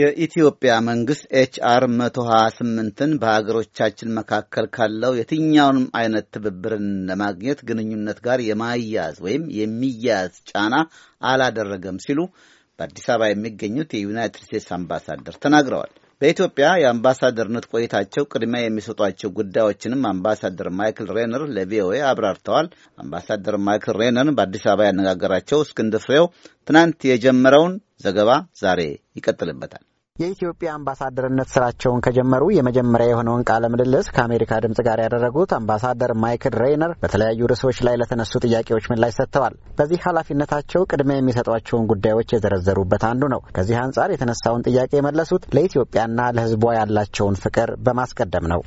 የኢትዮጵያ መንግስት ኤችአር 128ን በሀገሮቻችን መካከል ካለው የትኛውንም አይነት ትብብርን ለማግኘት ግንኙነት ጋር የማያያዝ ወይም የሚያያዝ ጫና አላደረገም ሲሉ በአዲስ አበባ የሚገኙት የዩናይትድ ስቴትስ አምባሳደር ተናግረዋል። በኢትዮጵያ የአምባሳደርነት ቆይታቸው ቅድሚያ የሚሰጧቸው ጉዳዮችንም አምባሳደር ማይክል ሬነር ለቪኦኤ አብራርተዋል። አምባሳደር ማይክል ሬነርን በአዲስ አበባ ያነጋገራቸው እስክንድር ፍሬው ትናንት የጀመረውን ዘገባ ዛሬ ይቀጥልበታል። የኢትዮጵያ አምባሳደርነት ስራቸውን ከጀመሩ የመጀመሪያ የሆነውን ቃለ ምልልስ ከአሜሪካ ድምጽ ጋር ያደረጉት አምባሳደር ማይክል ሬይነር በተለያዩ ርዕሶች ላይ ለተነሱ ጥያቄዎች ምላሽ ሰጥተዋል። በዚህ ኃላፊነታቸው ቅድሚያ የሚሰጧቸውን ጉዳዮች የዘረዘሩበት አንዱ ነው። ከዚህ አንጻር የተነሳውን ጥያቄ የመለሱት ለኢትዮጵያና ለሕዝቧ ያላቸውን ፍቅር በማስቀደም ነው።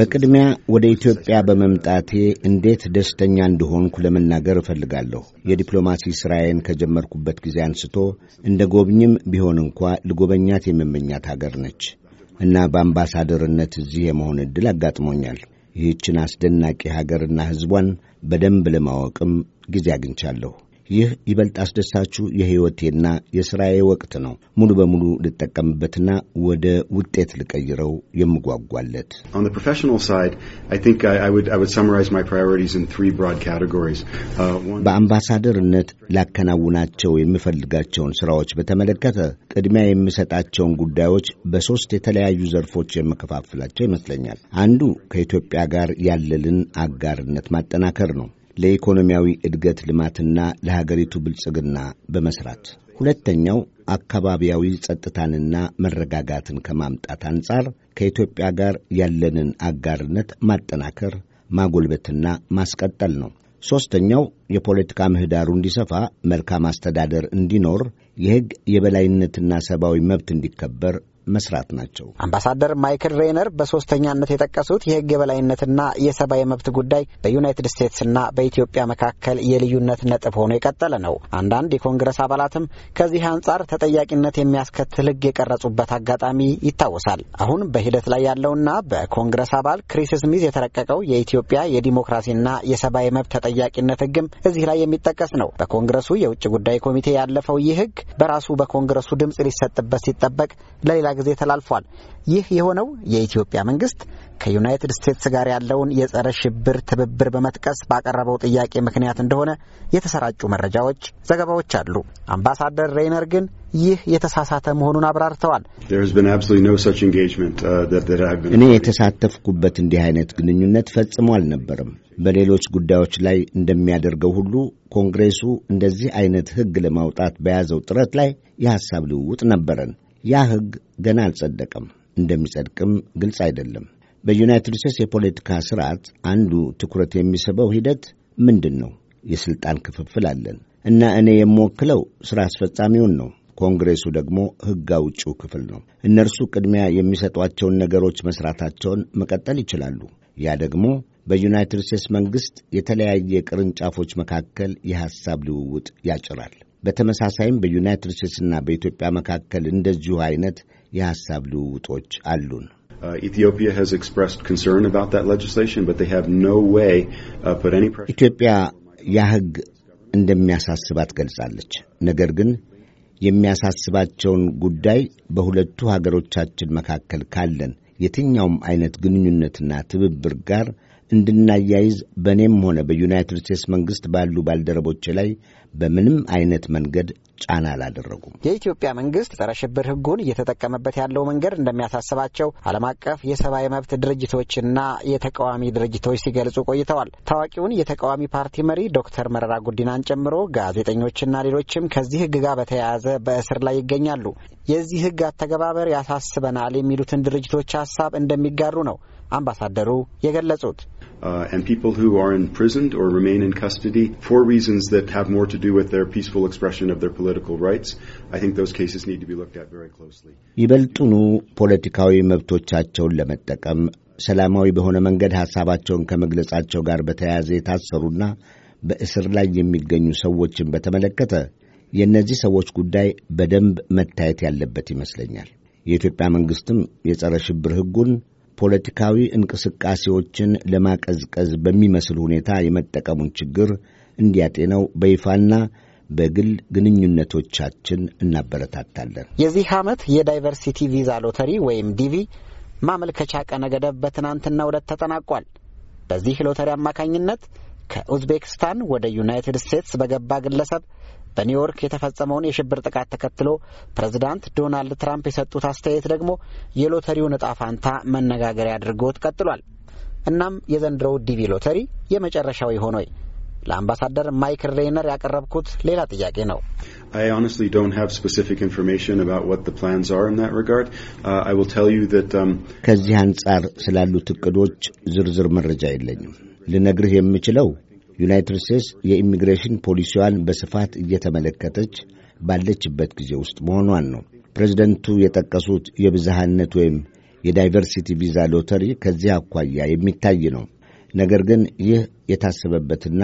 በቅድሚያ ወደ ኢትዮጵያ በመምጣቴ እንዴት ደስተኛ እንደሆንኩ ለመናገር እፈልጋለሁ። የዲፕሎማሲ ሥራዬን ከጀመርኩበት ጊዜ አንስቶ እንደ ጎብኝም ቢሆን እንኳ ልጎበኛት የመመኛት አገር ነች እና በአምባሳደርነት እዚህ የመሆን ዕድል አጋጥሞኛል። ይህችን አስደናቂ ሀገርና ሕዝቧን በደንብ ለማወቅም ጊዜ አግኝቻለሁ። ይህ ይበልጥ አስደሳቹ የሕይወቴና የሥራዬ ወቅት ነው። ሙሉ በሙሉ ልጠቀምበትና ወደ ውጤት ልቀይረው የምጓጓለት። uh, በአምባሳደርነት ላከናውናቸው የምፈልጋቸውን ሥራዎች በተመለከተ ቅድሚያ የምሰጣቸውን ጉዳዮች በሦስት የተለያዩ ዘርፎች የምከፋፍላቸው ይመስለኛል። አንዱ ከኢትዮጵያ ጋር ያለልን አጋርነት ማጠናከር ነው። ለኢኮኖሚያዊ እድገት ልማትና ለሀገሪቱ ብልጽግና በመስራት ሁለተኛው አካባቢያዊ ጸጥታንና መረጋጋትን ከማምጣት አንጻር ከኢትዮጵያ ጋር ያለንን አጋርነት ማጠናከር ማጎልበትና ማስቀጠል ነው። ሦስተኛው የፖለቲካ ምህዳሩ እንዲሰፋ፣ መልካም አስተዳደር እንዲኖር፣ የሕግ የበላይነትና ሰብአዊ መብት እንዲከበር መስራት ናቸው። አምባሳደር ማይክል ሬነር በሶስተኛነት የጠቀሱት የህግ የበላይነትና የሰብአዊ መብት ጉዳይ በዩናይትድ ስቴትስና በኢትዮጵያ መካከል የልዩነት ነጥብ ሆኖ የቀጠለ ነው። አንዳንድ የኮንግረስ አባላትም ከዚህ አንጻር ተጠያቂነት የሚያስከትል ህግ የቀረጹበት አጋጣሚ ይታወሳል። አሁን በሂደት ላይ ያለውና በኮንግረስ አባል ክሪስ ስሚዝ የተረቀቀው የኢትዮጵያ የዲሞክራሲና የሰብአዊ መብት ተጠያቂነት ህግም እዚህ ላይ የሚጠቀስ ነው። በኮንግረሱ የውጭ ጉዳይ ኮሚቴ ያለፈው ይህ ህግ በራሱ በኮንግረሱ ድምፅ ሊሰጥበት ሲጠበቅ ለሌላ ጊዜ ተላልፏል። ይህ የሆነው የኢትዮጵያ መንግስት ከዩናይትድ ስቴትስ ጋር ያለውን የጸረ ሽብር ትብብር በመጥቀስ ባቀረበው ጥያቄ ምክንያት እንደሆነ የተሰራጩ መረጃዎች፣ ዘገባዎች አሉ። አምባሳደር ሬይነር ግን ይህ የተሳሳተ መሆኑን አብራርተዋል። uh, እኔ የተሳተፍኩበት እንዲህ አይነት ግንኙነት ፈጽሞ አልነበርም። በሌሎች ጉዳዮች ላይ እንደሚያደርገው ሁሉ ኮንግሬሱ እንደዚህ አይነት ሕግ ለማውጣት በያዘው ጥረት ላይ የሐሳብ ልውውጥ ነበረን። ያ ሕግ ገና አልጸደቀም፣ እንደሚጸድቅም ግልጽ አይደለም። በዩናይትድ ስቴትስ የፖለቲካ ስርዓት አንዱ ትኩረት የሚስበው ሂደት ምንድን ነው? የሥልጣን ክፍፍል አለን እና እኔ የምወክለው ሥራ አስፈጻሚውን ነው። ኮንግሬሱ ደግሞ ሕግ አውጪው ክፍል ነው። እነርሱ ቅድሚያ የሚሰጧቸውን ነገሮች መሥራታቸውን መቀጠል ይችላሉ። ያ ደግሞ በዩናይትድ ስቴትስ መንግሥት የተለያየ ቅርንጫፎች መካከል የሐሳብ ልውውጥ ያጭራል። በተመሳሳይም በዩናይትድ ስቴትስና በኢትዮጵያ መካከል እንደዚሁ አይነት የሐሳብ ልውውጦች አሉን። ኢትዮጵያ ያ ሕግ እንደሚያሳስባት ገልጻለች። ነገር ግን የሚያሳስባቸውን ጉዳይ በሁለቱ ሀገሮቻችን መካከል ካለን የትኛውም አይነት ግንኙነትና ትብብር ጋር እንድናያይዝ በእኔም ሆነ በዩናይትድ ስቴትስ መንግስት ባሉ ባልደረቦች ላይ በምንም አይነት መንገድ ጫና አላደረጉም። የኢትዮጵያ መንግስት ጸረ ሽብር እየተጠቀመበት ያለው መንገድ እንደሚያሳስባቸው ዓለም አቀፍ የሰብአዊ መብት ድርጅቶችና የተቃዋሚ ድርጅቶች ሲገልጹ ቆይተዋል። ታዋቂውን የተቃዋሚ ፓርቲ መሪ ዶክተር መረራ ጉዲናን ጨምሮ ጋዜጠኞችና ሌሎችም ከዚህ ህግ ጋር በተያያዘ በእስር ላይ ይገኛሉ። የዚህ ህግ አተገባበር ያሳስበናል የሚሉትን ድርጅቶች ሀሳብ እንደሚጋሩ ነው አምባሳደሩ የገለጹት። uh, and people who are imprisoned or remain in custody for reasons that have more to do with their peaceful expression of their political rights. I think those cases need to be looked at very closely. ይበልጡኑ ፖለቲካዊ መብቶቻቸውን ለመጠቀም ሰላማዊ በሆነ መንገድ ሐሳባቸውን ከመግለጻቸው ጋር በተያያዘ የታሰሩና በእስር ላይ የሚገኙ ሰዎችን በተመለከተ የእነዚህ ሰዎች ጉዳይ በደንብ መታየት ያለበት ይመስለኛል። የኢትዮጵያ መንግሥትም የጸረ ሽብር ሕጉን ፖለቲካዊ እንቅስቃሴዎችን ለማቀዝቀዝ በሚመስል ሁኔታ የመጠቀሙን ችግር እንዲያጤነው በይፋና በግል ግንኙነቶቻችን እናበረታታለን። የዚህ ዓመት የዳይቨርሲቲ ቪዛ ሎተሪ ወይም ዲቪ ማመልከቻ ቀነ ገደብ በትናንትናው ዕለት ተጠናቋል። በዚህ ሎተሪ አማካኝነት ከኡዝቤክስታን ወደ ዩናይትድ ስቴትስ በገባ ግለሰብ በኒውዮርክ የተፈጸመውን የሽብር ጥቃት ተከትሎ ፕሬዝዳንት ዶናልድ ትራምፕ የሰጡት አስተያየት ደግሞ የሎተሪውን እጣ ፋንታ መነጋገሪያ አድርጎት ቀጥሏል። እናም የዘንድሮው ዲቪ ሎተሪ የመጨረሻው ይሆን ወይ? ለአምባሳደር ማይክል ሬይነር ያቀረብኩት ሌላ ጥያቄ ነው። ከዚህ አንጻር ስላሉት እቅዶች ዝርዝር መረጃ የለኝም። ልነግርህ የምችለው ዩናይትድ ስቴትስ የኢሚግሬሽን ፖሊሲዋን በስፋት እየተመለከተች ባለችበት ጊዜ ውስጥ መሆኗን ነው። ፕሬዚደንቱ የጠቀሱት የብዝሃነት ወይም የዳይቨርሲቲ ቪዛ ሎተሪ ከዚህ አኳያ የሚታይ ነው። ነገር ግን ይህ የታሰበበትና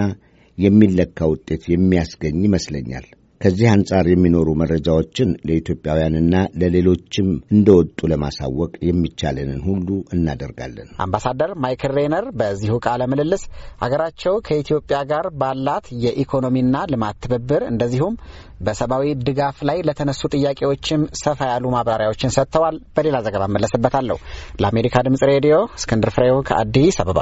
የሚለካ ውጤት የሚያስገኝ ይመስለኛል። ከዚህ አንጻር የሚኖሩ መረጃዎችን ለኢትዮጵያውያንና ለሌሎችም እንደወጡ ለማሳወቅ የሚቻለንን ሁሉ እናደርጋለን። አምባሳደር ማይክል ሬነር በዚሁ ቃለ ምልልስ ሀገራቸው ከኢትዮጵያ ጋር ባላት የኢኮኖሚና ልማት ትብብር እንደዚሁም በሰብአዊ ድጋፍ ላይ ለተነሱ ጥያቄዎችም ሰፋ ያሉ ማብራሪያዎችን ሰጥተዋል። በሌላ ዘገባ እመለስበታለሁ። ለአሜሪካ ድምጽ ሬዲዮ እስክንድር ፍሬው ከአዲስ አበባ